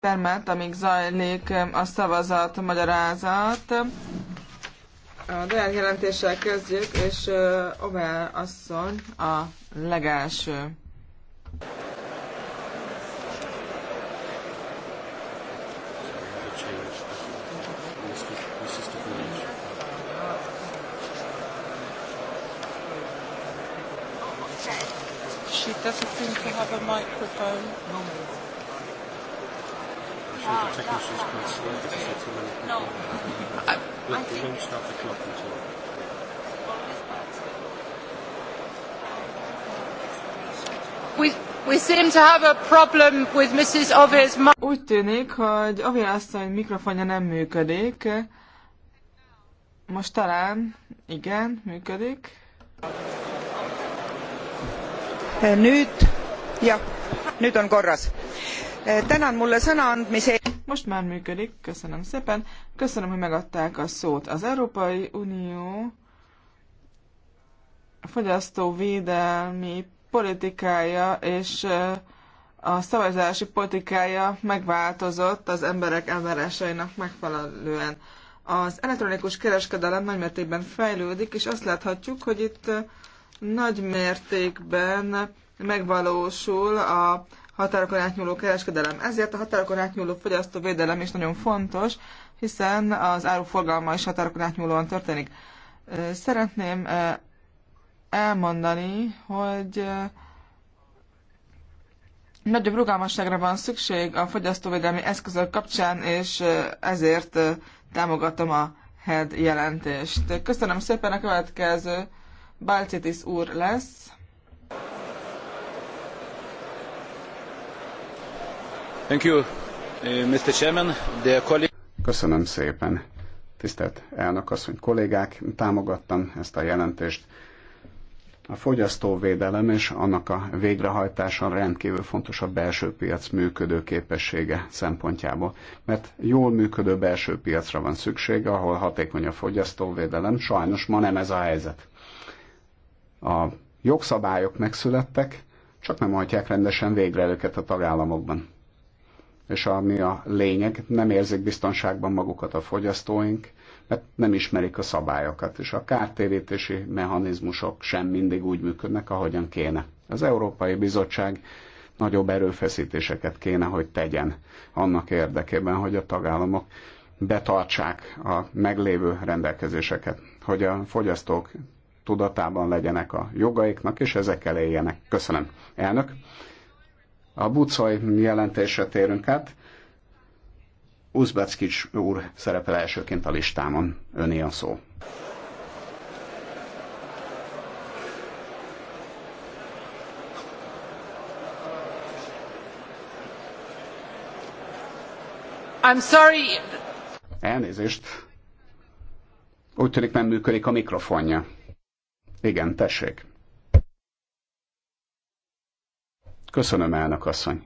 termet, amíg zajlik a szavazat, a magyarázat. A Deák jelentéssel kezdjük, és Ovel asszony a legelső. She doesn't seem to have a microphone. No the technicians can see it because no. Look, we won't start the clock until... Úgy tűnik, hogy Ovi asszony mikrofonja nem működik. Most talán, igen, működik. Nyt, ja, nyt on korras Tänan mulle sõna Most már működik, köszönöm szépen. Köszönöm, hogy megadták a szót. Az Európai Unió fogyasztóvédelmi politikája és a szabályozási politikája megváltozott az emberek elvárásainak megfelelően. Az elektronikus kereskedelem nagymértékben fejlődik, és azt láthatjuk, hogy itt nagymértékben megvalósul a határokon átnyúló kereskedelem. Ezért a határokon átnyúló fogyasztóvédelem is nagyon fontos, hiszen az áruforgalma is határokon átnyúlóan történik. Szeretném elmondani, hogy nagyobb rugalmasságra van szükség a fogyasztóvédelmi eszközök kapcsán, és ezért támogatom a HED jelentést. Köszönöm szépen, a következő Balcitis úr lesz. Thank you, eh, Mr. Chairman, Köszönöm szépen. Tisztelt elnök asszony, kollégák, támogattam ezt a jelentést. A fogyasztóvédelem és annak a végrehajtása rendkívül fontos a belső piac működő képessége szempontjából, mert jól működő belső piacra van szükség, ahol hatékony a fogyasztóvédelem, sajnos ma nem ez a helyzet. A jogszabályok megszülettek, csak nem hajtják rendesen végre őket a tagállamokban és ami a lényeg, nem érzik biztonságban magukat a fogyasztóink, mert nem ismerik a szabályokat, és a kártérítési mechanizmusok sem mindig úgy működnek, ahogyan kéne. Az Európai Bizottság nagyobb erőfeszítéseket kéne, hogy tegyen annak érdekében, hogy a tagállamok betartsák a meglévő rendelkezéseket, hogy a fogyasztók tudatában legyenek a jogaiknak, és ezekkel éljenek. Köszönöm. Elnök, a Bucaj jelentésre térünk át. Uzbeckics úr szerepel elsőként a listámon. Öné a szó. I'm sorry. Elnézést. Úgy tűnik nem működik a mikrofonja. Igen, tessék. Köszönöm, elnök asszony.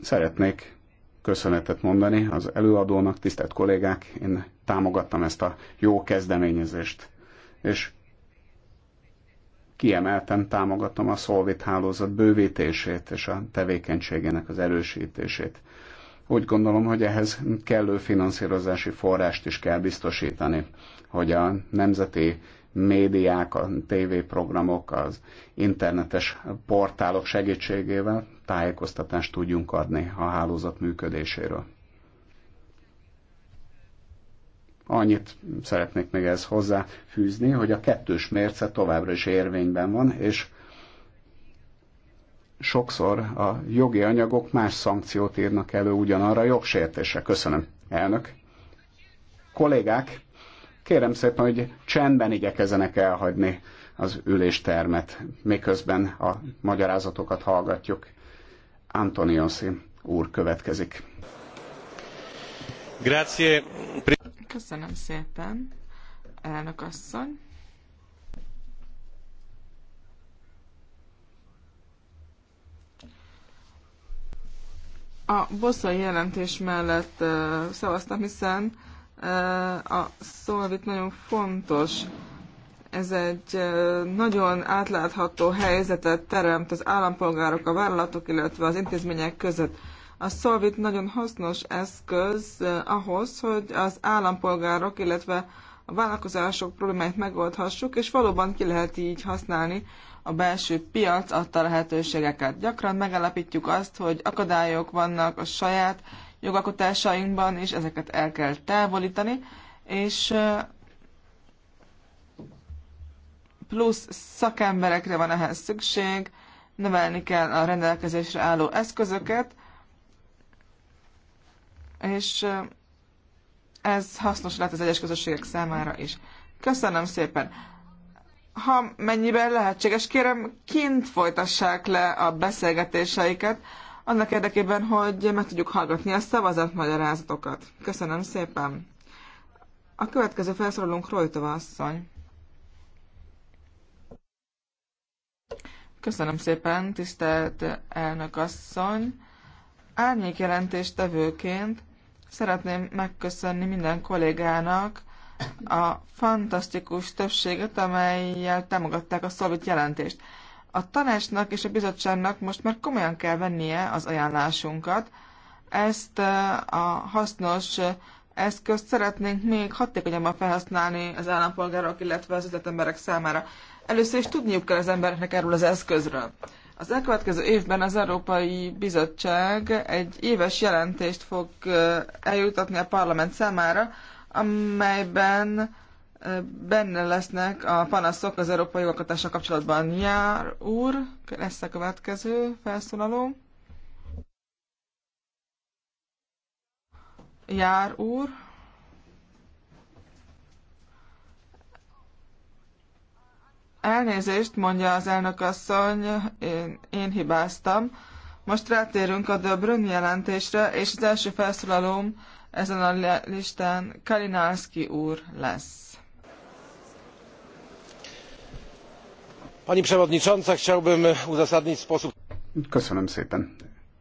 Szeretnék köszönetet mondani az előadónak, tisztelt kollégák, én támogattam ezt a jó kezdeményezést, és kiemelten támogatom a Solvit hálózat bővítését és a tevékenységének az erősítését. Úgy gondolom, hogy ehhez kellő finanszírozási forrást is kell biztosítani, hogy a nemzeti médiák, a tévéprogramok, az internetes portálok segítségével tájékoztatást tudjunk adni a hálózat működéséről. Annyit szeretnék még ez hozzáfűzni, hogy a kettős mérce továbbra is érvényben van, és sokszor a jogi anyagok más szankciót írnak elő ugyanarra a jogsértésre. Köszönöm, elnök. Kollégák, Kérem szépen, hogy csendben igyekezenek elhagyni az üléstermet, miközben a magyarázatokat hallgatjuk. Antoniosi úr következik. Grazie. Köszönöm szépen, elnök asszony. A bosszai jelentés mellett uh, szavaztam, hiszen uh, a szolvit nagyon fontos. Ez egy nagyon átlátható helyzetet teremt az állampolgárok, a vállalatok, illetve az intézmények között. A szolvit nagyon hasznos eszköz ahhoz, hogy az állampolgárok, illetve a vállalkozások problémáit megoldhassuk, és valóban ki lehet így használni a belső piac adta lehetőségeket. Gyakran megállapítjuk azt, hogy akadályok vannak a saját jogalkotásainkban, és ezeket el kell távolítani, és plusz szakemberekre van ehhez szükség, növelni kell a rendelkezésre álló eszközöket, és ez hasznos lehet az egyes közösségek számára is. Köszönöm szépen! Ha mennyiben lehetséges, kérem, kint folytassák le a beszélgetéseiket, annak érdekében, hogy meg tudjuk hallgatni a szavazatmagyarázatokat. Köszönöm szépen! A következő felszólalónk Rojtova asszony. Köszönöm szépen, tisztelt elnök asszony! Árnyék jelentéstevőként szeretném megköszönni minden kollégának a fantasztikus többséget, amelyel támogatták a szolvit jelentést. A tanácsnak és a bizottságnak most már komolyan kell vennie az ajánlásunkat. Ezt a hasznos eszközt szeretnénk még hatékonyabban felhasználni az állampolgárok, illetve az üzletemberek számára. Először is tudniuk kell az embereknek erről az eszközről. Az elkövetkező évben az Európai Bizottság egy éves jelentést fog eljutatni a parlament számára, amelyben benne lesznek a panaszok az európai jogalkotással kapcsolatban. Jár úr, lesz a következő felszólaló. Jár úr. Elnézést, mondja az elnök asszony, én, én hibáztam. Most rátérünk a Döbrön jelentésre, és az első felszólalom. ezen a listán Kalinálszki úr lesz. pani przewodnicząca! chciałbym uzasadnić sposób. köszönöm szépen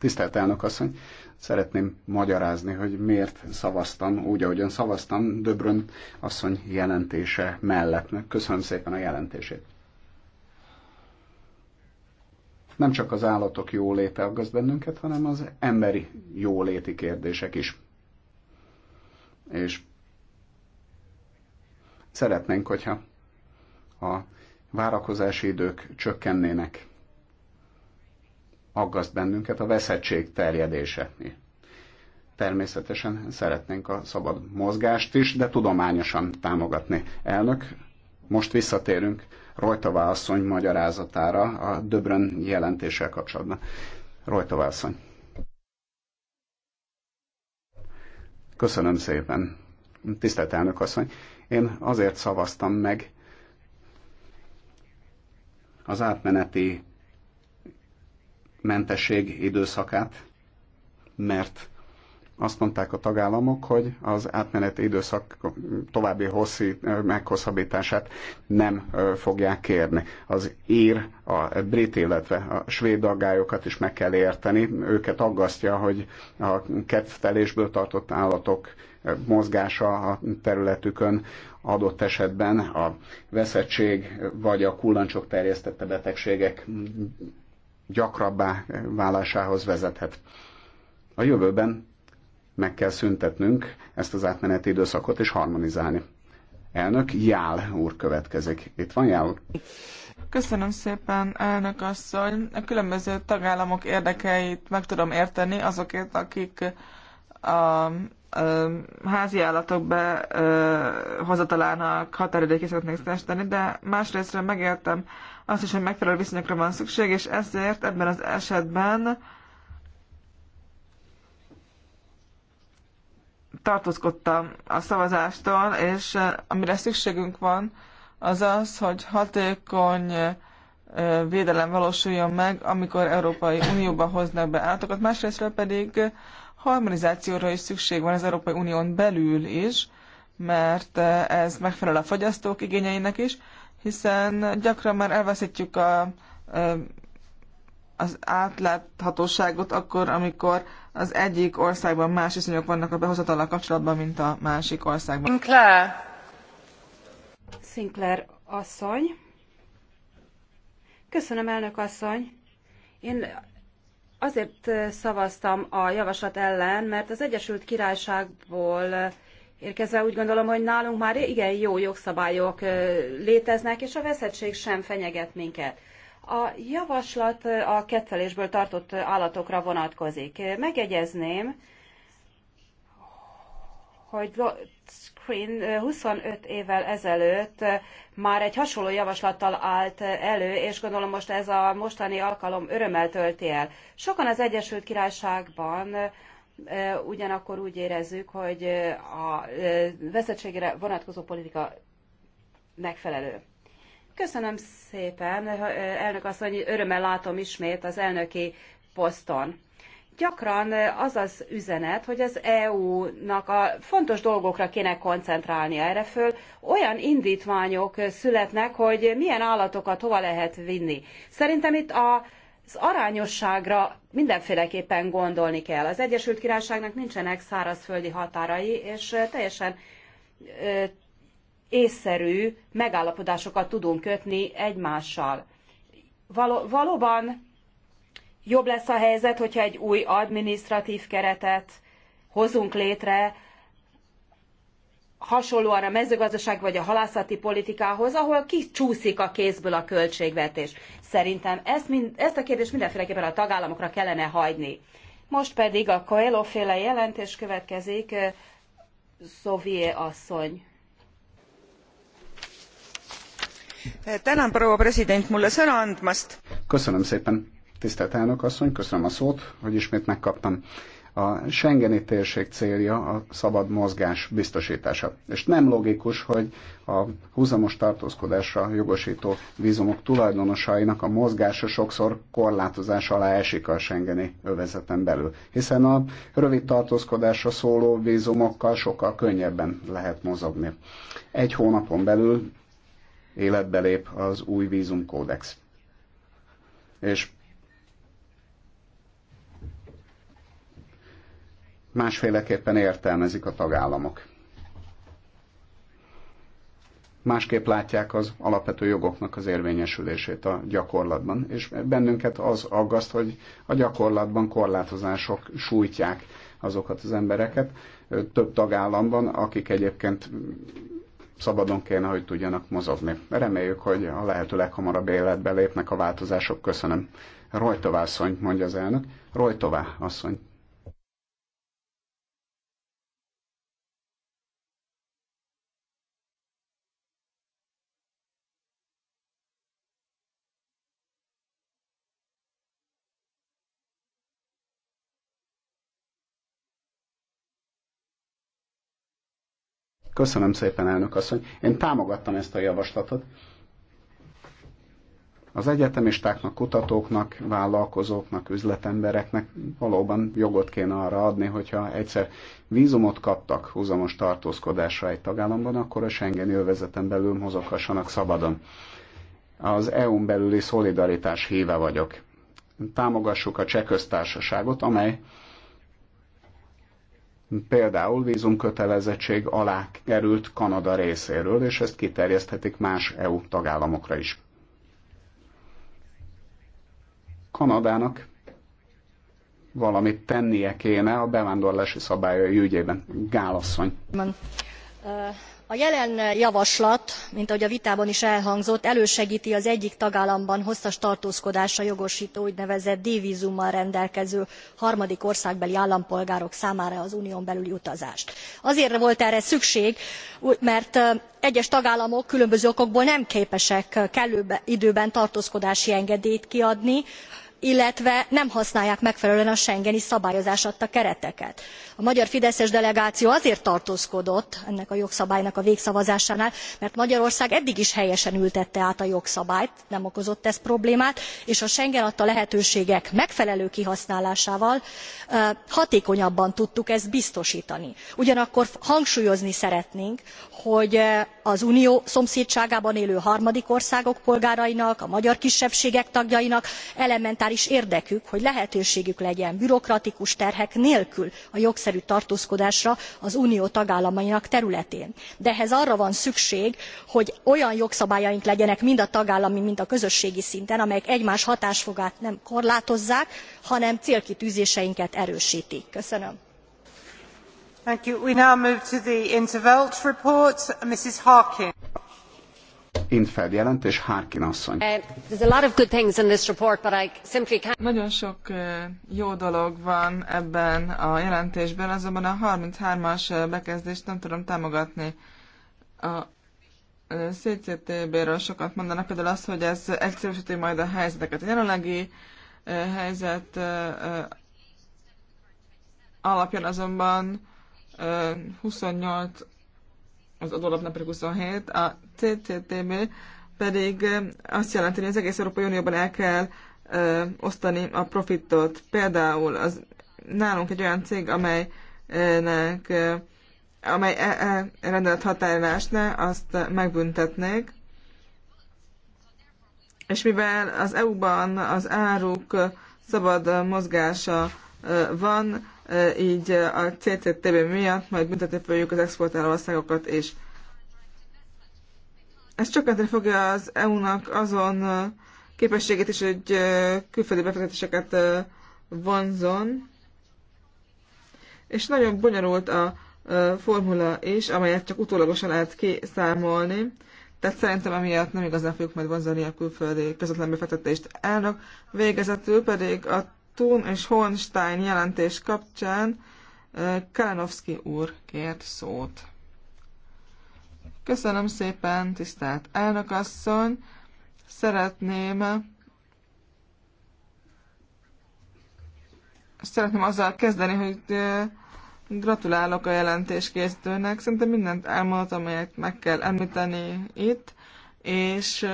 tisztelt elnök asszony szeretném magyarázni hogy miért szavaztam úgy ahogyan szavaztam döbrön asszony jelentése mellett köszönöm szépen a jelentését nem csak az állatok jóléte aggaszt bennünket, hanem az emberi jóléti kérdések is. És szeretnénk, hogyha a várakozási idők csökkennének. Aggaszt bennünket a veszettség terjedése. Természetesen szeretnénk a szabad mozgást is, de tudományosan támogatni. Elnök, most visszatérünk Rojtová asszony magyarázatára a Döbrön jelentéssel kapcsolatban. Rojtová asszony. Köszönöm szépen, tisztelt elnök asszony. Én azért szavaztam meg az átmeneti mentesség időszakát, mert azt mondták a tagállamok, hogy az átmeneti időszak további hosszi meghosszabbítását nem fogják kérni. Az ír, a brit, illetve a svéd aggályokat is meg kell érteni. Őket aggasztja, hogy a kettelésből tartott állatok mozgása a területükön adott esetben a veszettség vagy a kullancsok terjesztette betegségek gyakrabbá válásához vezethet. A jövőben meg kell szüntetnünk ezt az átmeneti időszakot és harmonizálni. Elnök Jál úr következik. Itt van Jál úr. Köszönöm szépen, elnök asszony. A különböző tagállamok érdekeit meg tudom érteni azokért, akik a házi állatok behozatalának határidőkig szeretnék testeni, de másrésztről megértem azt is, hogy megfelelő viszonyokra van szükség, és ezért ebben az esetben tartózkodtam a szavazástól, és amire szükségünk van, az az, hogy hatékony védelem valósuljon meg, amikor Európai Unióba hoznak be állatokat, másrésztről pedig harmonizációra is szükség van az Európai Unión belül is, mert eh, ez megfelel a fogyasztók igényeinek is, hiszen gyakran már elveszítjük a, eh, az átláthatóságot akkor, amikor az egyik országban más viszonyok vannak a behozatalra kapcsolatban, mint a másik országban. Sinclair. Sinclair asszony. Köszönöm, elnök asszony. Én Azért szavaztam a javaslat ellen, mert az Egyesült Királyságból érkezve úgy gondolom, hogy nálunk már igen jó jogszabályok léteznek, és a veszettség sem fenyeget minket. A javaslat a kettelésből tartott állatokra vonatkozik. Megegyezném, hogy Screen 25 évvel ezelőtt már egy hasonló javaslattal állt elő, és gondolom most ez a mostani alkalom örömmel tölti el. Sokan az Egyesült Királyságban ugyanakkor úgy érezzük, hogy a veszettségre vonatkozó politika megfelelő. Köszönöm szépen, elnök asszony, örömmel látom ismét az elnöki poszton gyakran az az üzenet, hogy az EU-nak a fontos dolgokra kéne koncentrálnia erre föl. Olyan indítványok születnek, hogy milyen állatokat hova lehet vinni. Szerintem itt a az arányosságra mindenféleképpen gondolni kell. Az Egyesült Királyságnak nincsenek szárazföldi határai, és teljesen ö, észszerű megállapodásokat tudunk kötni egymással. Való, valóban jobb lesz a helyzet, hogyha egy új administratív keretet hozunk létre, hasonlóan a mezőgazdaság vagy a halászati politikához, ahol kicsúszik a kézből a költségvetés. Szerintem ezt, mind, ezt a kérdést mindenféleképpen a tagállamokra kellene hagyni. Most pedig a Coelho féle jelentés következik. Szovié asszony. Tänan, proua president, mulle sõna andmast. Köszönöm szépen, Tisztelt elnök asszony, köszönöm a szót, hogy ismét megkaptam. A Schengeni térség célja a szabad mozgás biztosítása. És nem logikus, hogy a húzamos tartózkodásra jogosító vízumok tulajdonosainak a mozgása sokszor korlátozás alá esik a Schengeni övezeten belül. Hiszen a rövid tartózkodásra szóló vízumokkal sokkal könnyebben lehet mozogni. Egy hónapon belül életbe lép az új vízumkódex. És másféleképpen értelmezik a tagállamok. Másképp látják az alapvető jogoknak az érvényesülését a gyakorlatban, és bennünket az aggaszt, hogy a gyakorlatban korlátozások sújtják azokat az embereket több tagállamban, akik egyébként szabadon kéne, hogy tudjanak mozogni. Reméljük, hogy a lehető leghamarabb életbe lépnek a változások. Köszönöm. Rojtová asszony, mondja az elnök. Rojtová asszony. Köszönöm szépen, elnök asszony. Én támogattam ezt a javaslatot. Az egyetemistáknak, kutatóknak, vállalkozóknak, üzletembereknek valóban jogot kéne arra adni, hogyha egyszer vízumot kaptak húzamos tartózkodásra egy tagállamban, akkor a Schengen jövezeten belül mozoghassanak szabadon. Az EU-n belüli szolidaritás híve vagyok. Támogassuk a cseh köztársaságot, amely például vízumkötelezettség alá került Kanada részéről, és ezt kiterjeszthetik más EU tagállamokra is. Kanadának valamit tennie kéne a bevándorlási szabályai ügyében. Gálasszony. Uh a jelen javaslat mint ahogy a vitában is elhangzott elősegti az egyik tagállamban hosszas tartózkodásra jogostó úgynevezett d vzummal rendelkező harmadik országbeli állampolgárok számára az unión belüli utazást. azért volt erre szükség mert egyes tagállamok különböző okokból nem képesek kellő időben tartózkodási engedélyt kiadni illetve nem használják megfelelően a schengeni szabályozás adta kereteket. a magyar fideszes delegáció azért tartózkodott ennek a jogszabálynak a végszavazásánál mert magyarország eddig is helyesen ültette át a jogszabályt nem okozott ez problémát és a schengen adta lehetőségek megfelelő kihasználásával hatékonyabban tudtuk ezt biztostani. ugyanakkor hangsúlyozni szeretnénk hogy az unió szomszédságában élő harmadik országok polgárainak a magyar kisebbségek tagjainak elementáris elementáris érdekük hogy lehetőségük legyen bürokratikus terhek nélkül a jogszerű tartózkodásra az unió tagállamainak területén de ehhez arra van szükség hogy olyan jogszabályaink legyenek mind a tagállami mind a közösségi szinten amelyek egymás hatásfokát nem korlátozzák hanem célkitűzéseinket erőstik. köszönöm. Intfeld jelentés, Harkin asszony. Nagyon sok uh, jó dolog van ebben a jelentésben, azonban a 33-as uh, bekezdést nem tudom támogatni. A uh, CCTB-ről sokat mondanak, például az, hogy ez egyszerűsíti majd a helyzeteket. A jelenlegi helyzet alapján azonban 28 az adólap nem 27, a CCTB pedig eh, azt jelenti, hogy az egész Európai Unióban el kell ö, eh, osztani a profitot. Például az, nálunk egy olyan cég, amelynek ö, eh, amely e, e rendelt határlást ne, azt megbüntetnék. És mivel az EU-ban az áruk szabad mozgása van, így a CCTB miatt majd büntetni fogjuk az exportáló országokat is. Ez csökkenteni fogja az EU-nak azon képességét is, hogy külföldi befektetéseket vonzon, és nagyon bonyolult a formula is, amelyet csak utólagosan lehet kiszámolni, tehát szerintem emiatt nem igazán fogjuk majd vonzani a külföldi közvetlen befektetést. Elnök végezetül pedig a Thun és Hornstein jelentés kapcsán Kalinowski úr kért szót. Köszönöm szépen, tisztelt elnökasszony! Szeretném szeretném azzal kezdeni, hogy gratulálok a jelentés készítőnek. Szerintem mindent elmondott, amelyet meg kell említeni itt, és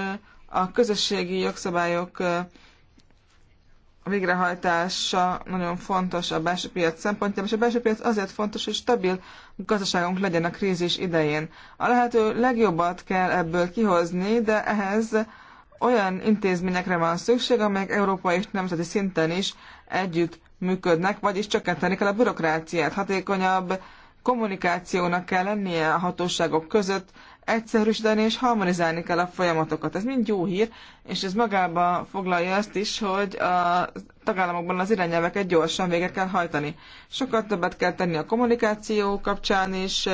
a közösségi jogszabályok végrehajtása nagyon fontos a belső piac szempontjából, és a belső piac azért fontos, hogy stabil gazdaságunk legyen a krízis idején. A lehető legjobbat kell ebből kihozni, de ehhez olyan intézményekre van szükség, amelyek európai és nemzeti szinten is együtt működnek, vagyis csökkenteni kell a bürokráciát, hatékonyabb kommunikációnak kell lennie a hatóságok között, egyszerűsíteni és harmonizálni kell a folyamatokat. Ez mind jó hír, és ez magába foglalja azt is, hogy a tagállamokban az irányelveket gyorsan végre kell hajtani. Sokkal többet kell tenni a kommunikáció kapcsán is,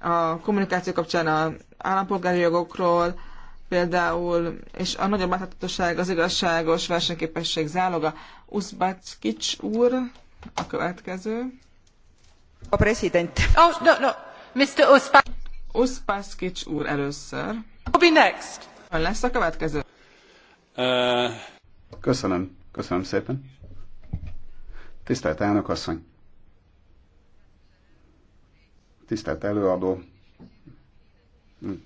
a kommunikáció kapcsán a állampolgári jogokról, például, és a nagyobb átláthatóság az igazságos versenyképesség záloga. Uzbackics úr, a következő. A president. Oh, no, no. Mr. Uzbackics. Uszpaszkics úr először. Be next. Ön lesz a következő. Uh... Köszönöm, köszönöm szépen. Tisztelt elnök asszony. Tisztelt előadó,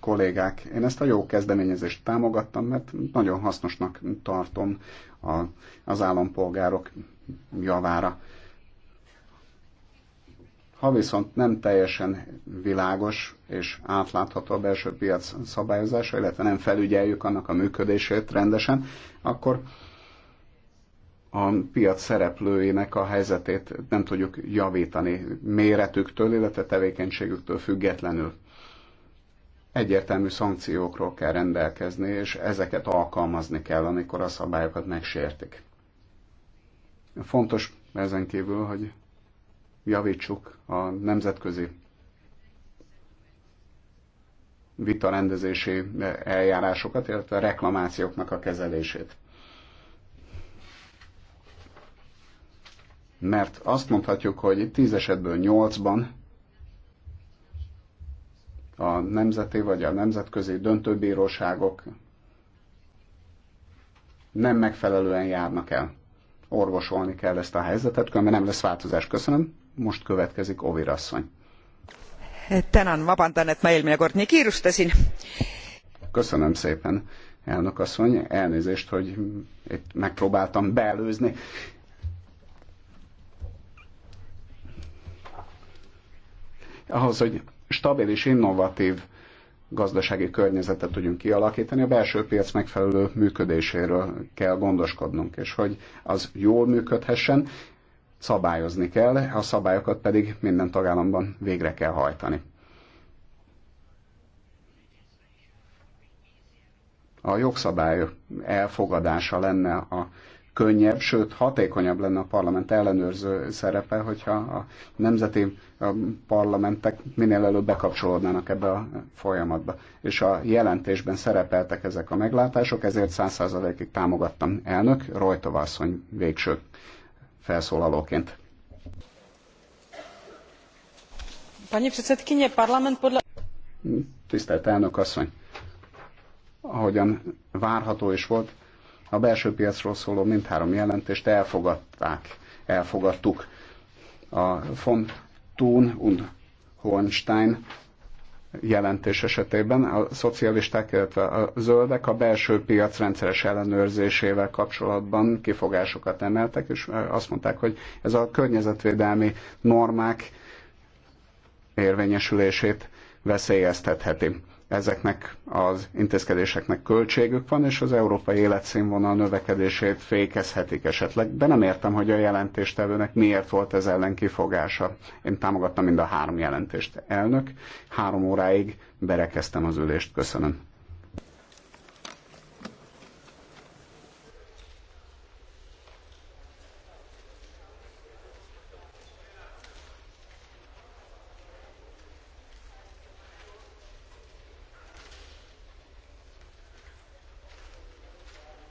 kollégák, én ezt a jó kezdeményezést támogattam, mert nagyon hasznosnak tartom a, az állampolgárok javára ha viszont nem teljesen világos és átlátható a belső piac szabályozása, illetve nem felügyeljük annak a működését rendesen, akkor a piac szereplőinek a helyzetét nem tudjuk javítani méretüktől, illetve tevékenységüktől függetlenül. Egyértelmű szankciókról kell rendelkezni, és ezeket alkalmazni kell, amikor a szabályokat megsértik. Fontos ezen kívül, hogy javítsuk a nemzetközi vitarendezési eh, eljárásokat, illetve a reklamációknak a kezelését. Mert azt mondhatjuk, hogy tíz esetből nyolcban a nemzeti vagy a nemzetközi döntőbíróságok nem megfelelően járnak el. Orvosolni kell ezt a helyzetet, különben nem lesz változás. Köszönöm. Most következik Ovir asszony. Tänan, ma eelmine kord nii kiirustasin. Köszönöm szépen, elnök asszony. Elnézést, hogy itt megpróbáltam beelőzni. Ahhoz, hogy stabil és innovatív gazdasági környezetet tudjunk kialakítani, a belső piac megfelelő működéséről kell gondoskodnunk, és hogy az jól működhessen, szabályozni kell, a szabályokat pedig minden tagállamban végre kell hajtani. A jogszabály elfogadása lenne a könnyebb, sőt hatékonyabb lenne a parlament ellenőrző szerepe, hogyha a nemzeti parlamentek minél előbb bekapcsolódnának ebbe a folyamatba. És a jelentésben szerepeltek ezek a meglátások, ezért 100%-ig támogattam elnök, Rojtova asszony végső felszólalóként. parlament Tisztelt elnök asszony! Ahogyan várható is volt, a belső piacról szóló mindhárom jelentést elfogadták, elfogadtuk. A von Thun und Hohenstein jelentés esetében a szocialisták, illetve a zöldek a belső piac rendszeres ellenőrzésével kapcsolatban kifogásokat emeltek, és azt mondták, hogy ez a környezetvédelmi normák érvényesülését veszélyeztetheti ezeknek az intézkedéseknek költségük van, és az európai életszínvonal növekedését fékezhetik esetleg, de nem értem, hogy a jelentéstevőnek miért volt ez ellen kifogása. Én támogattam mind a három jelentést. Elnök, három óráig berekeztem az ülést. Köszönöm.